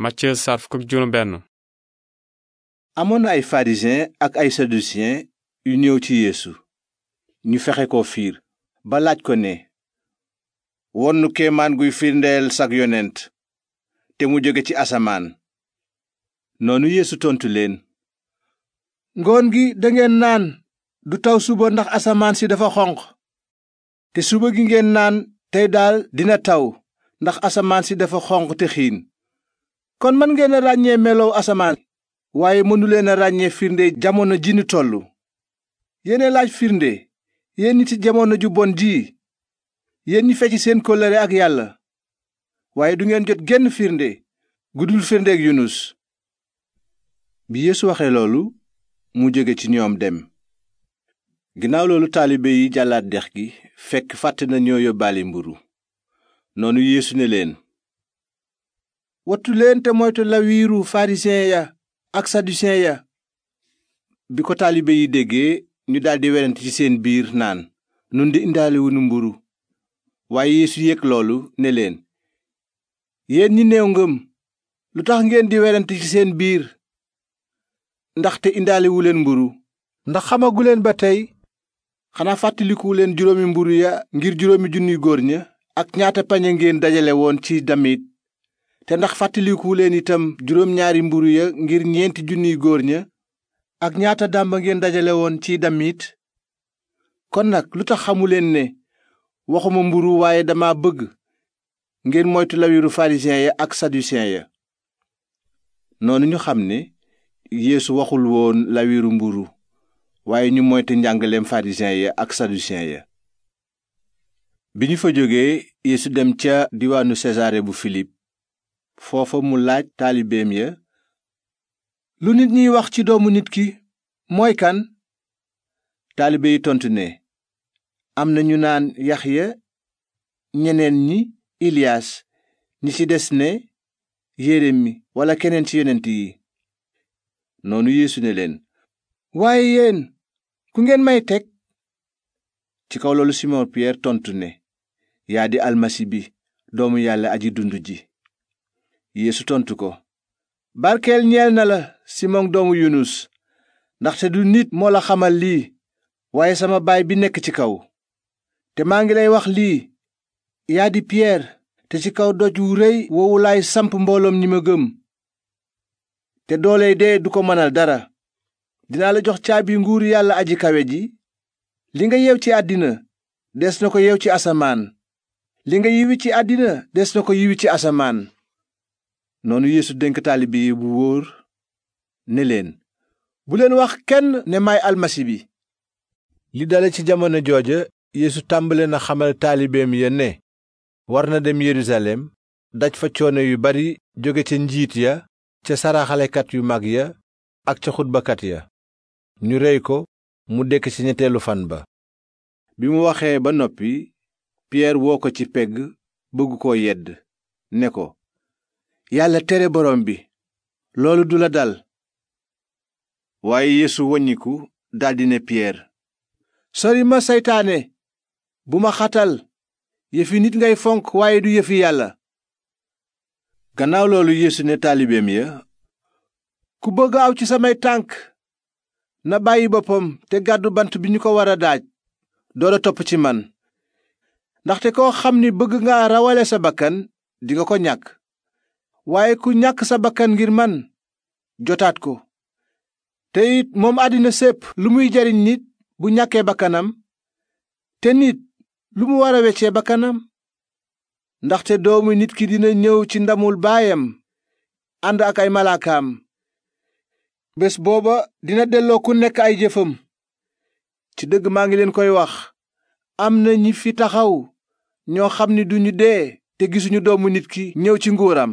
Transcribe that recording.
Matthieu saar fukk amoon na ay pharisiens ak ay sadusiyen yu ñëw ci yéesu ñu fexe ko fiir ba laaj ko ne won nu kéemaan guy firndeel sag yonent te mu jóge ci asamaan noonu yéesu tontu leen ngoon gi dangeen naan du taw suba ndax asamaan si dafa xonq te suba gi ngeen naan tey daal dina taw ndax asamaan si dafa xonq te xiin kon mën ngeen a ràññee melow asamaan waaye mënuleen a ràññee firnde jamono ji nu toll yéene laaj firnde yéen ñi ci jamono ju bon ji yéen ñi fecc seen kóllëre ak yàlla waaye du ngeen jot genn firnde gudul firndeeg yunus bi yeesu waxee loolu mu jóge ci ñoom dem ginnaaw loolu taalibe yi jàllaat dex gi fekk fàtte na ñoo yóbbaale mburu noonu yeesu ne leen wattu leen te moytu lawiiru farisiyen ya ak sadusiyen ya bi ko taalibe yi déggee ñu daldi werante ci seen biir naan nun di indaaliwunu mburu waaye yeesu yëg loolu ne leen yéen ñi néew ngëm lu tax ngeen di werante ci seen biir ndaxte indaaliwu leen mburu ndax leen ba tey xanaa fàttaliku leen juróomi mburu ya ngir juróomi junniy góor ña ak ñaata pañe ngeen dajale woon ci damit te ndax fàttaliku leen itam juróom ñaari mburu ya ngir ñeenti junniy góor ña ak ñaata dàmb ngeen dajale woon ci damit kon nag lu tax xamuleen ne waxuma mburu waaye dama bëgg ngir moytu lawiru farisiyen ya ak sadusiyen ya noonu ñu xam ne yéesu waxul woon lawiru mburu waaye ñu moytu njàngaleem farisiyen ya ak sadusiyen ya bi ñu fa jógee yeesu dem ca diwaanu sesaare bu filip foofa mu laaj taalibeem ya lu nit ñiy wax ci doomu nit ki mooy kan taalibe yi tontu ne am na ñu naan Yaxya ñeneen ñi Iliyaas ñi ci des ne Yeremi walla keneen ci yonent yi noonu Yeesu ne leen waaye yéen ku ngeen may teg ci kaw loolu Simon Pierre tontu ne yaa di almasi bi doomu yàlla aji dund ji yeesu tontu ko barkeel ñeel na la simoŋ doomu yunus ndaxte du nit moo la xamal lii waaye sama baay bi nekk ci kaw te maa ngi lay wax lii yaa di piyeer te ci kaw doj wu rëy woowu laay samp mbooloom ñi ma gëm te dooley dee du ko mënal dara dinaa la jox caabi nguur yàlla aji kawe ji li nga yeew ci àddina des na ko yeew ci asamaan li nga yiwi ci àddina des na ko yiwi ci asamaan noonu yéesu dénk taalibe yi bu wóor ne leen bu leen wax kenn ne maay almasi bi li dale ci jamono jooja yéesu tàmbale na xamal taalibeem ya ne war na dem yerusalem daj fa coono yu bari jóge ca njiit ya ca saraxalekat yu mag ya ak ca xutbakat ya ñu rey ko mu dekk ci ñetteelu fan ba bi mu waxee ba noppi piyeer woo ko ci pegg bëgg koo yedd ne ko yàlla tere borom bi loolu du la dal waaye yeesu woññiku daldi ne piyeer sori ma seytaane bu ma xatal yëfi nit ngay fonk waaye du yëfi yàlla gannaaw loolu yéesu ne taalibeem ya ku bëgg aw ci samay tànk na bàyyi boppam te gàddu bant bi ñu ko war a daaj door a topp ci man ndaxte koo xam ni bëgg nga rawale sa bakkan dinga ko ñàkk waaye ku ñàkk sa bakkan ngir man jotaat ko te it moom àddina sépp lu muy jariñ nit bu ñàkkee bakkanam te nit lu mu war a weccee bakkanam ndaxte doomu nit ki dina ñëw ci ndamul baayam ànd ak ay malaakaam bés booba dina delloo ku nekk ay jëfam ci dëgg maa ngi leen koy wax am na ñi fi taxaw ñoo xam ni duñu dee te gisuñu doomu nit ki ñëw ci nguuram